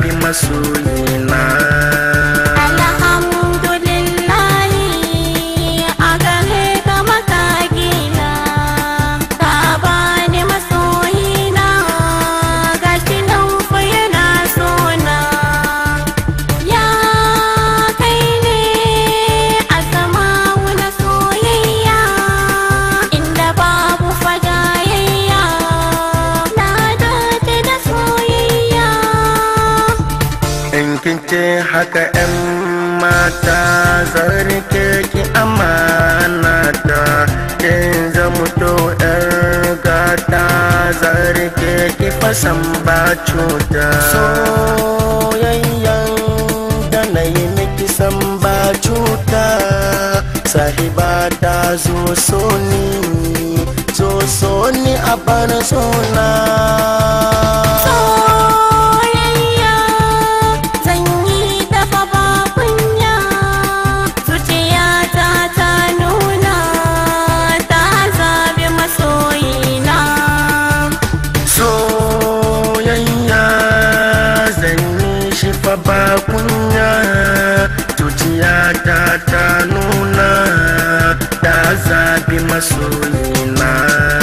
fi na. kin haka 'yan mata zarke ki amana ta kin zamuto 'yar gata zarke ki fasan ba cuta soyayyen da na yi miki san ba cuta sahiba ta zo so ni zo so ni a bar suna fa ba kunya tuciya ta ta nuna da zabi masoyina